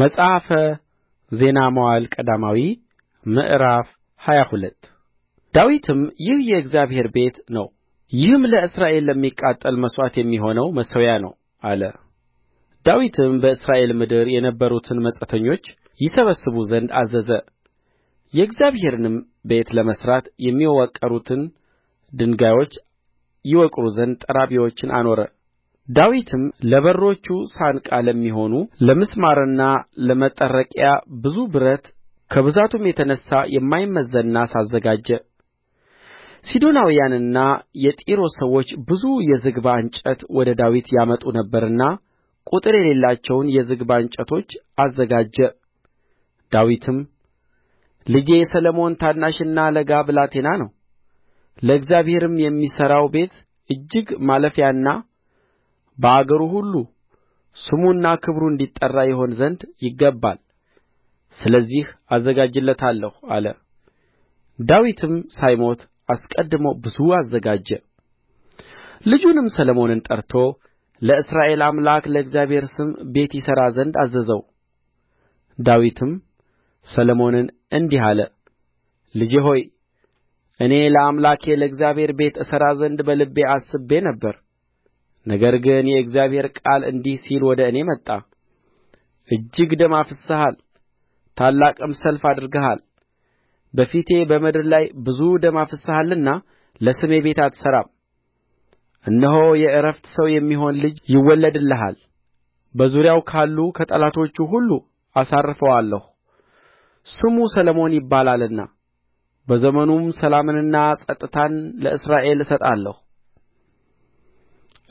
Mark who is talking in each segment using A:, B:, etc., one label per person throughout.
A: መጽሐፈ ዜና መዋዕል ቀዳማዊ ምዕራፍ ሃያ ሁለት ዳዊትም ይህ የእግዚአብሔር ቤት ነው ይህም ለእስራኤል ለሚቃጠል መሥዋዕት የሚሆነው መሠዊያ ነው አለ ዳዊትም በእስራኤል ምድር የነበሩትን መጻተኞች ይሰበስቡ ዘንድ አዘዘ የእግዚአብሔርንም ቤት ለመሥራት የሚወቀሩትን ድንጋዮች ይወቅሩ ዘንድ ጠራቢዎችን አኖረ ዳዊትም ለበሮቹ ሳንቃ ለሚሆኑ ለምስማርና ለመጠረቂያ ብዙ ብረት ከብዛቱም የተነሣ የማይመዘን ናስ አዘጋጀ ሲዶናውያንና የጢሮስ ሰዎች ብዙ የዝግባ እንጨት ወደ ዳዊት ያመጡ ነበርና ቍጥር የሌላቸውን የዝግባ እንጨቶች አዘጋጀ ዳዊትም ልጄ ሰሎሞን ታናሽና ለጋ ብላቴና ነው ለእግዚአብሔርም የሚሠራው ቤት እጅግ ማለፊያና በአገሩ ሁሉ ስሙና ክብሩ እንዲጠራ ይሆን ዘንድ ይገባል ስለዚህ አዘጋጅለታለሁ አለ ዳዊትም ሳይሞት አስቀድሞ ብዙ አዘጋጀ ልጁንም ሰሎሞንን ጠርቶ ለእስራኤል አምላክ ለእግዚአብሔር ስም ቤት ይሠራ ዘንድ አዘዘው ዳዊትም ሰሎሞንን እንዲህ አለ ልጄ ሆይ እኔ ለአምላኬ ለእግዚአብሔር ቤት እሠራ ዘንድ በልቤ አስቤ ነበር ነገር ግን የእግዚአብሔር ቃል እንዲህ ሲል ወደ እኔ መጣ እጅግ ደም አፍስሰሃል ታላቅም ሰልፍ አድርገሃል በፊቴ በምድር ላይ ብዙ ደም አፍስሰሃልና ለስሜ ቤት አትሠራም እነሆ የዕረፍት ሰው የሚሆን ልጅ ይወለድልሃል በዙሪያው ካሉ ከጠላቶቹ ሁሉ አሳርፈዋለሁ ስሙ ሰሎሞን ይባላልና በዘመኑም ሰላምንና ጸጥታን ለእስራኤል እሰጣለሁ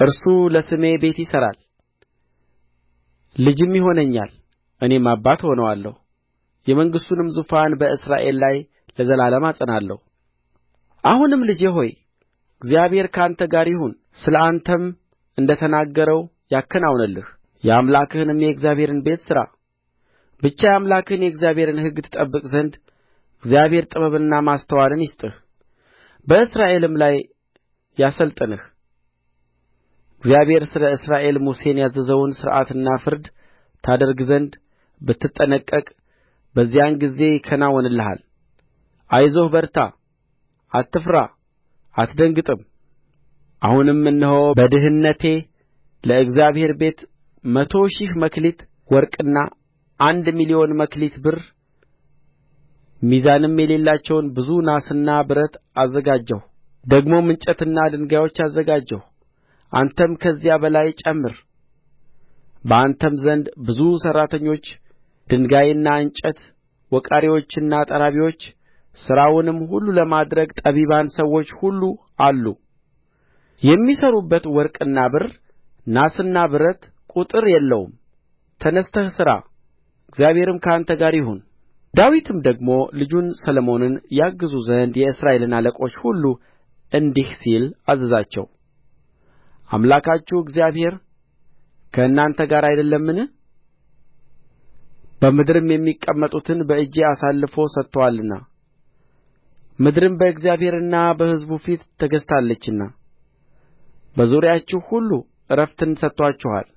A: እርሱ ለስሜ ቤት ይሠራል ልጅም ይሆነኛል እኔም አባት እሆነዋለሁ የመንግሥቱንም ዙፋን በእስራኤል ላይ ለዘላለም አጸናለሁ አሁንም ልጄ ሆይ እግዚአብሔር ከአንተ ጋር ይሁን ስለ አንተም እንደ ተናገረው ያከናውንልህ የአምላክህንም የእግዚአብሔርን ቤት ሥራ ብቻ የአምላክህን የእግዚአብሔርን ሕግ ትጠብቅ ዘንድ እግዚአብሔር ጥበብንና ማስተዋልን ይስጥህ በእስራኤልም ላይ ያሠልጥንህ እግዚአብሔር ስለ እስራኤል ሙሴን ያዘዘውን ሥርዓትና ፍርድ ታደርግ ዘንድ ብትጠነቀቅ በዚያን ጊዜ ይከናወንልሃል አይዞህ በርታ አትፍራ አትደንግጥም አሁንም እነሆ በድህነቴ ለእግዚአብሔር ቤት መቶ ሺህ መክሊት ወርቅና አንድ ሚሊዮን መክሊት ብር ሚዛንም የሌላቸውን ብዙ ናስና ብረት አዘጋጀሁ ደግሞም እንጨትና ድንጋዮች አዘጋጀሁ አንተም ከዚያ በላይ ጨምር በአንተም ዘንድ ብዙ ሠራተኞች ድንጋይና እንጨት ወቃሪዎችና ጠራቢዎች ሥራውንም ሁሉ ለማድረግ ጠቢባን ሰዎች ሁሉ አሉ የሚሠሩበት ወርቅና ብር ናስና ብረት ቍጥር የለውም ተነሥተህ ሥራ እግዚአብሔርም ከአንተ ጋር ይሁን ዳዊትም ደግሞ ልጁን ሰሎሞንን ያግዙ ዘንድ የእስራኤልን አለቆች ሁሉ እንዲህ ሲል አዘዛቸው አምላካችሁ እግዚአብሔር ከእናንተ ጋር አይደለምን በምድርም የሚቀመጡትን በእጄ አሳልፎ ሰጥቶአልና ምድርም በእግዚአብሔርና በሕዝቡ ፊት ተገዝታለችና በዙሪያችሁ ሁሉ ዕረፍትን ሰጥቶአችኋል።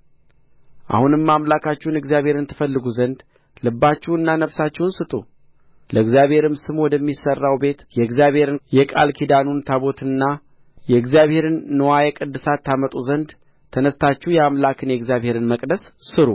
A: አሁንም አምላካችሁን እግዚአብሔርን ትፈልጉ ዘንድ ልባችሁንና ነፍሳችሁን ስጡ፣ ለእግዚአብሔርም ስም ወደሚሠራው ቤት የእግዚአብሔርን የቃል ኪዳኑን ታቦትና የእግዚአብሔርን ንዋየ ቅድሳት ታመጡ ዘንድ ተነሥታችሁ የአምላክን የእግዚአብሔርን መቅደስ ሥሩ